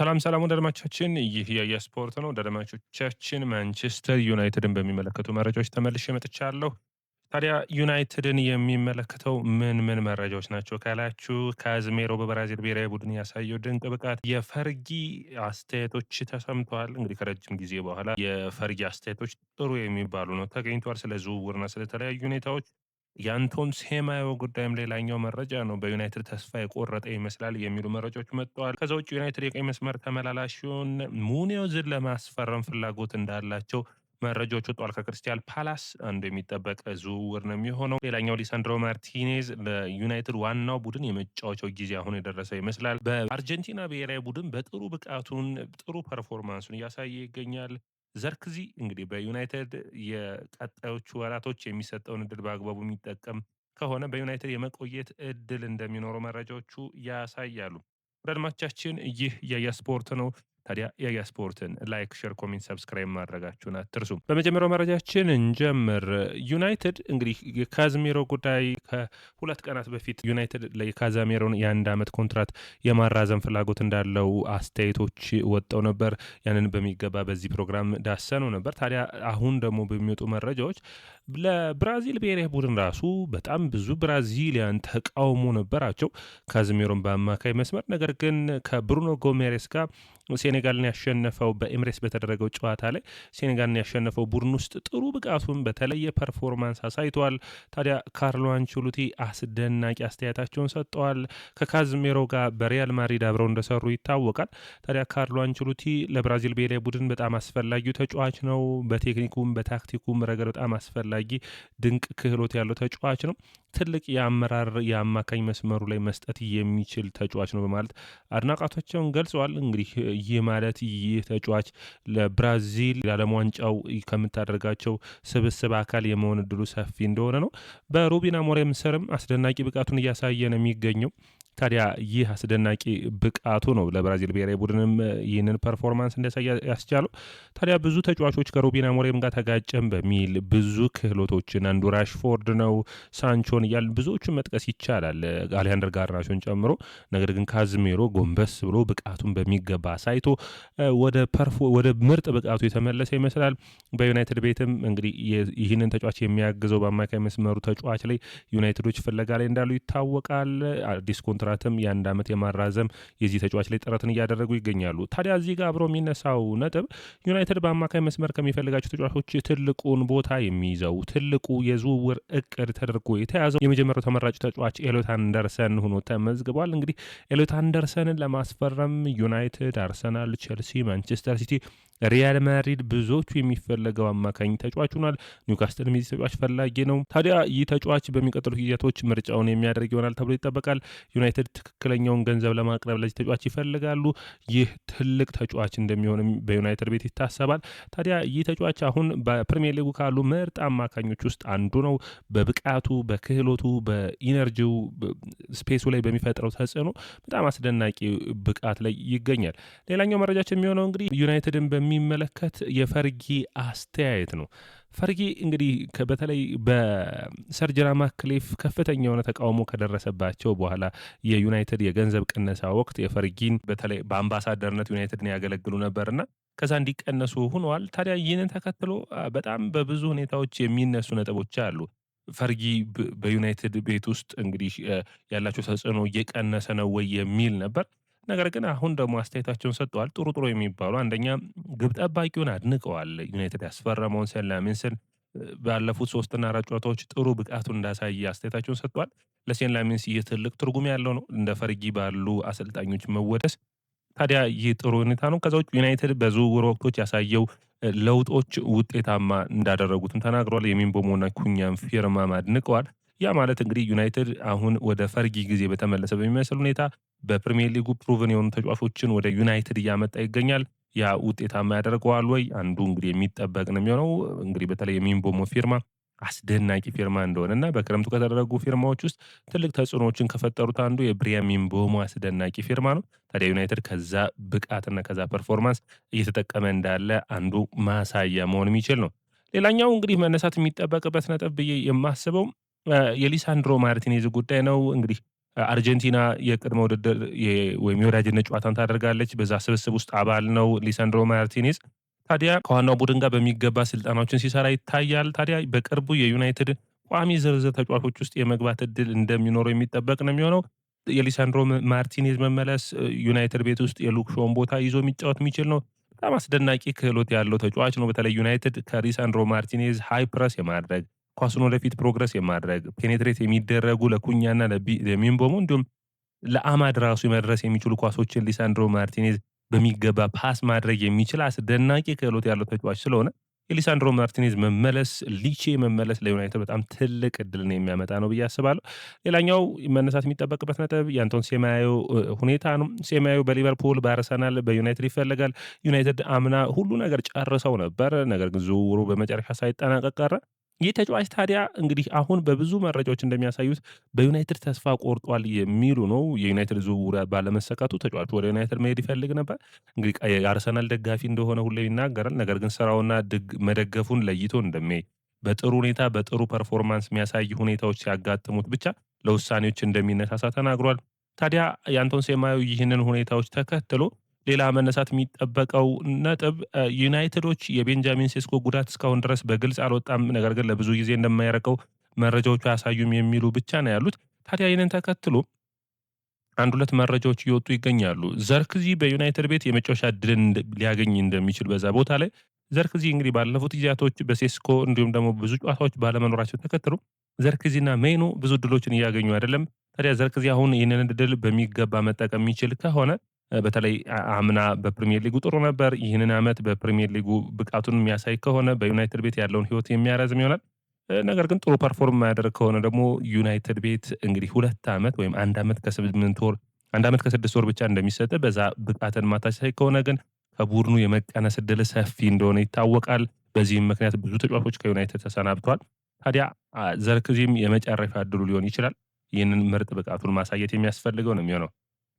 ሰላም ሰላም ወደ አድማጮቻችን ይህ የየስፖርት ነው። ወደ አድማጮቻችን ማንቸስተር ዩናይትድን በሚመለከቱ መረጃዎች ተመልሼ መጥቻለሁ። ታዲያ ዩናይትድን የሚመለከተው ምን ምን መረጃዎች ናቸው ካላችሁ፣ ካዝሜሮ በብራዚል ብሔራዊ ቡድን ያሳየው ድንቅ ብቃት፣ የፈርጊ አስተያየቶች ተሰምተዋል። እንግዲህ ከረጅም ጊዜ በኋላ የፈርጊ አስተያየቶች ጥሩ የሚባሉ ነው ተገኝተዋል። ስለ ዝውውርና ስለተለያዩ ሁኔታዎች የአንቶን ሴማዮ ጉዳይም ሌላኛው መረጃ ነው። በዩናይትድ ተስፋ የቆረጠ ይመስላል የሚሉ መረጃዎች መጥተዋል። ከዛ ውጭ ዩናይትድ የቀኝ መስመር ተመላላሽውን ሙኒዮዝን ለማስፈረም ፍላጎት እንዳላቸው መረጃዎች ወጥቷል። ከክርስቲያል ፓላስ አንዱ የሚጠበቅ ዝውውር ነው የሚሆነው። ሌላኛው ሊሳንድሮ ማርቲኔዝ ለዩናይትድ ዋናው ቡድን የመጫወቻው ጊዜ አሁን የደረሰ ይመስላል። በአርጀንቲና ብሔራዊ ቡድን በጥሩ ብቃቱን ጥሩ ፐርፎርማንሱን እያሳየ ይገኛል። ዘርክዚ እንግዲህ በዩናይትድ የቀጣዮቹ ወራቶች የሚሰጠውን እድል በአግባቡ የሚጠቀም ከሆነ በዩናይትድ የመቆየት እድል እንደሚኖረው መረጃዎቹ ያሳያሉ። አድማቻችን ይህ የየስፖርት ነው። ታዲያ የያ ስፖርትን ላይክ፣ ሼር፣ ኮሜንት፣ ሰብስክራይብ ማድረጋችሁን አትርሱ። በመጀመሪያው መረጃችን እንጀምር። ዩናይትድ እንግዲህ የካዝሜሮ ጉዳይ ከሁለት ቀናት በፊት ዩናይትድ የካዛሜሮን የአንድ ዓመት ኮንትራት የማራዘም ፍላጎት እንዳለው አስተያየቶች ወጠው ነበር። ያንን በሚገባ በዚህ ፕሮግራም ዳሰነው ነበር። ታዲያ አሁን ደግሞ በሚወጡ መረጃዎች ለብራዚል ብሔራዊ ቡድን ራሱ በጣም ብዙ ብራዚሊያን ተቃውሞ ነበራቸው ካዝሜሮን በአማካይ መስመር። ነገር ግን ከብሩኖ ጎሜሬስ ጋር ሴኔጋልን ያሸነፈው በኤምሬስ በተደረገው ጨዋታ ላይ ሴኔጋልን ያሸነፈው ቡድን ውስጥ ጥሩ ብቃቱን በተለየ ፐርፎርማንስ አሳይቷል። ታዲያ ካርሎ አንችሉቲ አስደናቂ አስተያየታቸውን ሰጥተዋል። ከካዝሜሮ ጋር በሪያል ማድሪድ አብረው እንደሰሩ ይታወቃል። ታዲያ ካርሎ አንችሉቲ ለብራዚል ብሔራዊ ቡድን በጣም አስፈላጊው ተጫዋች ነው። በቴክኒኩም በታክቲኩም ረገድ በጣም አስፈላጊ አስፈላጊ ድንቅ ክህሎት ያለው ተጫዋች ነው። ትልቅ የአመራር የአማካኝ መስመሩ ላይ መስጠት የሚችል ተጫዋች ነው በማለት አድናቆታቸውን ገልጸዋል። እንግዲህ ይህ ማለት ይህ ተጫዋች ለብራዚል ለዓለም ዋንጫው ከምታደርጋቸው ስብስብ አካል የመሆን እድሉ ሰፊ እንደሆነ ነው። በሩበን አሞሪም ስርም አስደናቂ ብቃቱን እያሳየ ነው የሚገኘው። ታዲያ ይህ አስደናቂ ብቃቱ ነው ለብራዚል ብሔራዊ ቡድንም ይህንን ፐርፎርማንስ እንዲያሳይ ያስቻለው። ታዲያ ብዙ ተጫዋቾች ከሩቢና ሞሬም ጋር ተጋጨም በሚል ብዙ ክህሎቶችን አንዱ ራሽፎርድ ነው፣ ሳንቾን እያል ብዙዎቹን መጥቀስ ይቻላል አሊያንደር ጋርናቾን ጨምሮ። ነገር ግን ካዝሜሮ ጎንበስ ብሎ ብቃቱን በሚገባ አሳይቶ ወደ ወደ ምርጥ ብቃቱ የተመለሰ ይመስላል። በዩናይትድ ቤትም እንግዲህ ይህንን ተጫዋች የሚያግዘው በአማካይ መስመሩ ተጫዋች ላይ ዩናይትዶች ፍለጋ ላይ እንዳሉ ይታወቃል። አዲስ ኮንትራ ኮንትራትም የአንድ ዓመት የማራዘም የዚህ ተጫዋች ላይ ጥረትን እያደረጉ ይገኛሉ። ታዲያ እዚህ ጋር አብሮ የሚነሳው ነጥብ ዩናይትድ በአማካይ መስመር ከሚፈልጋቸው ተጫዋቾች ትልቁን ቦታ የሚይዘው ትልቁ የዝውውር እቅድ ተደርጎ የተያዘው የመጀመሪያው ተመራጭ ተጫዋች ኤሎት አንደርሰን ሆኖ ተመዝግቧል። እንግዲህ ኤሎት አንደርሰንን ለማስፈረም ዩናይትድ፣ አርሰናል፣ ቼልሲ፣ ማንቸስተር ሲቲ ሪያል ማድሪድ ብዙዎቹ የሚፈለገው አማካኝ ተጫዋች ሆኗል። ኒውካስትል የዚህ ተጫዋች ፈላጊ ነው። ታዲያ ይህ ተጫዋች በሚቀጥሉት ጊዜያቶች ምርጫውን የሚያደርግ ይሆናል ተብሎ ይጠበቃል። ዩናይትድ ትክክለኛውን ገንዘብ ለማቅረብ ለዚህ ተጫዋች ይፈልጋሉ። ይህ ትልቅ ተጫዋች እንደሚሆን በዩናይትድ ቤት ይታሰባል። ታዲያ ይህ ተጫዋች አሁን በፕሪሚየር ሊጉ ካሉ ምርጥ አማካኞች ውስጥ አንዱ ነው። በብቃቱ፣ በክህሎቱ፣ በኢነርጂው ስፔሱ ላይ በሚፈጥረው ተጽዕኖ በጣም አስደናቂ ብቃት ላይ ይገኛል። ሌላኛው መረጃችን የሚሆነው እንግዲህ ዩናይትድን በሚ የሚመለከት የፈርጊ አስተያየት ነው። ፈርጊ እንግዲህ በተለይ በሰርጅራ ማክሌፍ ከፍተኛ የሆነ ተቃውሞ ከደረሰባቸው በኋላ የዩናይትድ የገንዘብ ቅነሳ ወቅት የፈርጊን በተለይ በአምባሳደርነት ዩናይትድን ያገለግሉ ነበርና ከዛ እንዲቀነሱ ሆነዋል። ታዲያ ይህንን ተከትሎ በጣም በብዙ ሁኔታዎች የሚነሱ ነጥቦች አሉ። ፈርጊ በዩናይትድ ቤት ውስጥ እንግዲህ ያላቸው ተጽዕኖ እየቀነሰ ነው ወይ የሚል ነበር። ነገር ግን አሁን ደግሞ አስተያየታቸውን ሰጥተዋል። ጥሩ ጥሩ የሚባሉ አንደኛ ግብ ጠባቂውን አድንቀዋል። ዩናይትድ ያስፈረመውን ሴንላሚንስን ባለፉት ሶስትና አራት ጨዋታዎች ጥሩ ብቃቱን እንዳሳየ አስተያየታቸውን ሰጥተዋል። ለሴንላሚንስ ይህ ትልቅ ትርጉም ያለው ነው፣ እንደ ፈርጊ ባሉ አሰልጣኞች መወደስ። ታዲያ ይህ ጥሩ ሁኔታ ነው። ከዛ ውጭ ዩናይትድ በዝውውር ወቅቶች ያሳየው ለውጦች ውጤታማ እንዳደረጉትም ተናግሯል የሚንቦሞና ኩኛም ፊርማም አድንቀዋል። ያ ማለት እንግዲህ ዩናይትድ አሁን ወደ ፈርጊ ጊዜ በተመለሰ በሚመስል ሁኔታ በፕሪሚየር ሊጉ ፕሩቭን የሆኑ ተጫዋቾችን ወደ ዩናይትድ እያመጣ ይገኛል። ያ ውጤታማ ያደርገዋል ወይ? አንዱ እንግዲህ የሚጠበቅ ነው የሚሆነው። እንግዲህ በተለይ የሚንቦሞ ፊርማ አስደናቂ ፊርማ እንደሆነ እና በክረምቱ ከተደረጉ ፊርማዎች ውስጥ ትልቅ ተጽዕኖዎችን ከፈጠሩት አንዱ የብሪያም ምቦሞ አስደናቂ ፊርማ ነው። ታዲያ ዩናይትድ ከዛ ብቃትና ከዛ ፐርፎርማንስ እየተጠቀመ እንዳለ አንዱ ማሳያ መሆን የሚችል ነው። ሌላኛው እንግዲህ መነሳት የሚጠበቅበት ነጥብ ብዬ የማስበው የሊሳንድሮ ማርቲኔዝ ጉዳይ ነው እንግዲህ አርጀንቲና የቅድመ ውድድር ወይም የወዳጅነት ጨዋታን ታደርጋለች። በዛ ስብስብ ውስጥ አባል ነው ሊሳንድሮ ማርቲኔዝ። ታዲያ ከዋናው ቡድን ጋር በሚገባ ስልጠናዎችን ሲሰራ ይታያል። ታዲያ በቅርቡ የዩናይትድ ቋሚ ዝርዝር ተጫዋቾች ውስጥ የመግባት እድል እንደሚኖረው የሚጠበቅ ነው የሚሆነው። የሊሳንድሮ ማርቲኔዝ መመለስ ዩናይትድ ቤት ውስጥ የሉክሾን ቦታ ይዞ የሚጫወት የሚችል ነው። በጣም አስደናቂ ክህሎት ያለው ተጫዋች ነው። በተለይ ዩናይትድ ከሊሳንድሮ ማርቲኔዝ ሃይ ፕረስ የማድረግ ኳሱን ወደፊት ፕሮግረስ የማድረግ ፔኔትሬት የሚደረጉ ለኩኛና ለሚንቦሙ እንዲሁም ለአማድ ራሱ መድረስ የሚችሉ ኳሶችን ሊሳንድሮ ማርቲኔዝ በሚገባ ፓስ ማድረግ የሚችል አስደናቂ ክህሎት ያለው ተጫዋች ስለሆነ የሊሳንድሮ ማርቲኔዝ መመለስ ሊቼ መመለስ ለዩናይትድ በጣም ትልቅ እድልን የሚያመጣ ነው ብዬ አስባለሁ። ሌላኛው መነሳት የሚጠበቅበት ነጥብ የአንቶን ሴማዮ ሁኔታ ነው። ሴማዮ በሊቨርፑል በአርሰናል፣ በዩናይትድ ይፈለጋል። ዩናይትድ አምና ሁሉ ነገር ጨርሰው ነበር፣ ነገር ግን ዝውውሩ በመጨረሻ ሳይጠናቀቅ ቀረ። ይህ ተጫዋች ታዲያ እንግዲህ አሁን በብዙ መረጃዎች እንደሚያሳዩት በዩናይትድ ተስፋ ቆርጧል የሚሉ ነው። የዩናይትድ ዝውውር ባለመሰካቱ ተጫዋቹ ወደ ዩናይትድ መሄድ ይፈልግ ነበር። እንግዲህ የአርሰናል ደጋፊ እንደሆነ ሁሌ ይናገራል። ነገር ግን ስራውና መደገፉን ለይቶ እንደሚያይ በጥሩ ሁኔታ በጥሩ ፐርፎርማንስ የሚያሳይ ሁኔታዎች ሲያጋጥሙት ብቻ ለውሳኔዎች እንደሚነሳሳ ተናግሯል። ታዲያ የአንቶን ሴማዩ ይህንን ሁኔታዎች ተከትሎ ሌላ መነሳት የሚጠበቀው ነጥብ ዩናይትዶች የቤንጃሚን ሴስኮ ጉዳት እስካሁን ድረስ በግልጽ አልወጣም፣ ነገር ግን ለብዙ ጊዜ እንደማያረቀው መረጃዎቹ አያሳዩም የሚሉ ብቻ ነው ያሉት። ታዲያ ይህንን ተከትሎ አንድ ሁለት መረጃዎች እየወጡ ይገኛሉ። ዘርክዚ በዩናይትድ ቤት የመጫወቻ እድልን ሊያገኝ እንደሚችል በዛ ቦታ ላይ ዘርክዚ እንግዲህ ባለፉት ጊዜያቶች በሴስኮ እንዲሁም ደግሞ ብዙ ጨዋታዎች ባለመኖራቸው ተከትሎ ዘርክዚና ሜኑ ብዙ እድሎችን እያገኙ አይደለም። ታዲያ ዘርክዚ አሁን ይህንን እድል በሚገባ መጠቀም የሚችል ከሆነ በተለይ አምና በፕሪሚየር ሊጉ ጥሩ ነበር። ይህንን ዓመት በፕሪሚየር ሊጉ ብቃቱን የሚያሳይ ከሆነ በዩናይትድ ቤት ያለውን ህይወት የሚያረዝም ይሆናል። ነገር ግን ጥሩ ፐርፎርም የማያደርግ ከሆነ ደግሞ ዩናይትድ ቤት እንግዲህ ሁለት ዓመት ወይም አንድ ዓመት ከስምንት ወር አንድ ዓመት ከስድስት ወር ብቻ እንደሚሰጥ በዛ ብቃትን ማታሳይ ከሆነ ግን ከቡድኑ የመቀነስ እድል ሰፊ እንደሆነ ይታወቃል። በዚህም ምክንያት ብዙ ተጫዋቾች ከዩናይትድ ተሰናብተዋል። ታዲያ ዘርክዚም የመጨረሻ እድሉ ሊሆን ይችላል። ይህንን ምርጥ ብቃቱን ማሳየት የሚያስፈልገው ነው የሚሆነው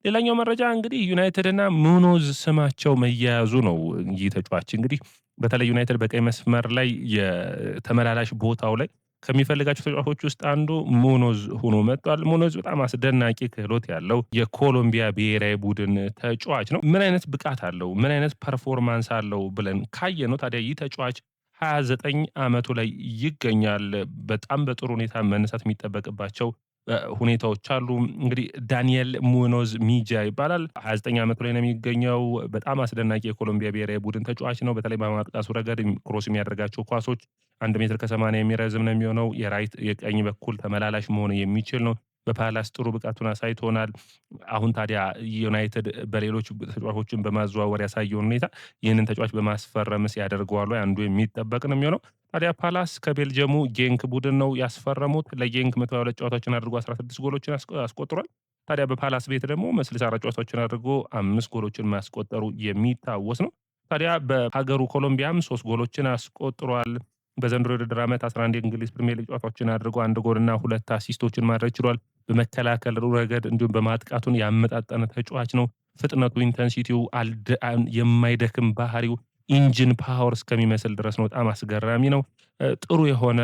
ሌላኛው መረጃ እንግዲህ ዩናይትድ እና ሙኖዝ ስማቸው መያያዙ ነው። ይህ ተጫዋች እንግዲህ በተለይ ዩናይትድ በቀይ መስመር ላይ የተመላላሽ ቦታው ላይ ከሚፈልጋቸው ተጫዋቾች ውስጥ አንዱ ሙኖዝ ሆኖ መጥቷል። ሙኖዝ በጣም አስደናቂ ክህሎት ያለው የኮሎምቢያ ብሔራዊ ቡድን ተጫዋች ነው። ምን አይነት ብቃት አለው፣ ምን አይነት ፐርፎርማንስ አለው ብለን ካየ ነው ታዲያ ይህ ተጫዋች 29 ዓመቱ ላይ ይገኛል። በጣም በጥሩ ሁኔታ መነሳት የሚጠበቅባቸው ሁኔታዎች አሉ። እንግዲህ ዳንኤል ሙኖዝ ሚጃ ይባላል። 29 ዓመቱ ላይ ነው የሚገኘው። በጣም አስደናቂ የኮሎምቢያ ብሔራዊ ቡድን ተጫዋች ነው። በተለይ በማጥቃቱ ረገድ ክሮስ የሚያደርጋቸው ኳሶች አንድ ሜትር ከሰማንያ የሚረዝም ነው የሚሆነው። የራይት የቀኝ በኩል ተመላላሽ መሆን የሚችል ነው። በፓላስ ጥሩ ብቃቱን አሳይቶናል። አሁን ታዲያ ዩናይትድ በሌሎች ተጫዋቾችን በማዘዋወር ያሳየውን ሁኔታ ይህንን ተጫዋች በማስፈረምስ ያደርገዋሉ? አንዱ የሚጠበቅ ነው የሚሆነው። ታዲያ ፓላስ ከቤልጅየሙ ጌንክ ቡድን ነው ያስፈረሙት። ለጌንክ መቶ ሁለት ጨዋታዎችን አድርጎ 16 ጎሎችን አስቆጥሯል። ታዲያ በፓላስ ቤት ደግሞ ስልሳ አራት ጨዋታዎችን አድርጎ አምስት ጎሎችን ማስቆጠሩ የሚታወስ ነው። ታዲያ በሀገሩ ኮሎምቢያም ሶስት ጎሎችን አስቆጥሯል። በዘንድሮ የውድድር ዓመት 11 የእንግሊዝ ፕሪሚየር ሊግ ጨዋታዎችን አድርጎ አንድ ጎልና ሁለት አሲስቶችን ማድረግ ችሏል። በመከላከል ረገድ እንዲሁም በማጥቃቱን ያመጣጠነ ተጫዋች ነው። ፍጥነቱ፣ ኢንተንሲቲው የማይደክም ባህሪው ኢንጂን ፓወር እስከሚመስል ድረስ ነው። በጣም አስገራሚ ነው። ጥሩ የሆነ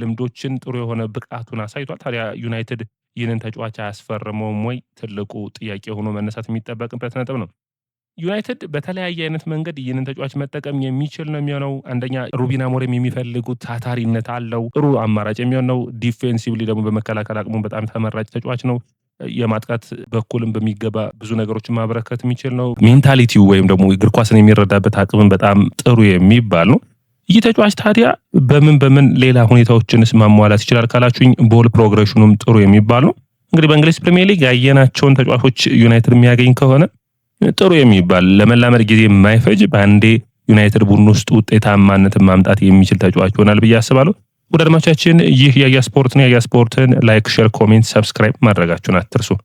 ልምዶችን ጥሩ የሆነ ብቃቱን አሳይቷል። ታዲያ ዩናይትድ ይህንን ተጫዋች አያስፈርመውም ወይ? ትልቁ ጥያቄ ሆኖ መነሳት የሚጠበቅበት ነጥብ ነው። ዩናይትድ በተለያየ አይነት መንገድ ይህንን ተጫዋች መጠቀም የሚችል ነው የሚሆነው። አንደኛ ሩቢን አሞሪም የሚፈልጉት ታታሪነት አለው፣ ጥሩ አማራጭ የሚሆን ነው። ዲፌንሲቭሊ ደግሞ በመከላከል አቅሙ በጣም ተመራጭ ተጫዋች ነው። የማጥቃት በኩልም በሚገባ ብዙ ነገሮችን ማበረከት የሚችል ነው። ሜንታሊቲው ወይም ደግሞ እግር ኳስን የሚረዳበት አቅምን በጣም ጥሩ የሚባል ነው። ይህ ተጫዋች ታዲያ በምን በምን ሌላ ሁኔታዎችንስ ማሟላት ይችላል ካላችሁኝ፣ ቦል ፕሮግሬሽኑም ጥሩ የሚባል ነው። እንግዲህ በእንግሊዝ ፕሪሚየር ሊግ ያየናቸውን ተጫዋቾች ዩናይትድ የሚያገኝ ከሆነ ጥሩ የሚባል ለመላመድ ጊዜ የማይፈጅ በአንዴ ዩናይትድ ቡድን ውስጥ ውጤታማነትን ማምጣት የሚችል ተጫዋች ይሆናል ብዬ አስባለሁ። ወደ አድማቻችን ይህ ያያ ስፖርት ነው። ስፖርትን ላይክ፣ ሼር፣ ኮሜንት፣ ሰብስክራይብ ማድረጋችሁን አትርሱ።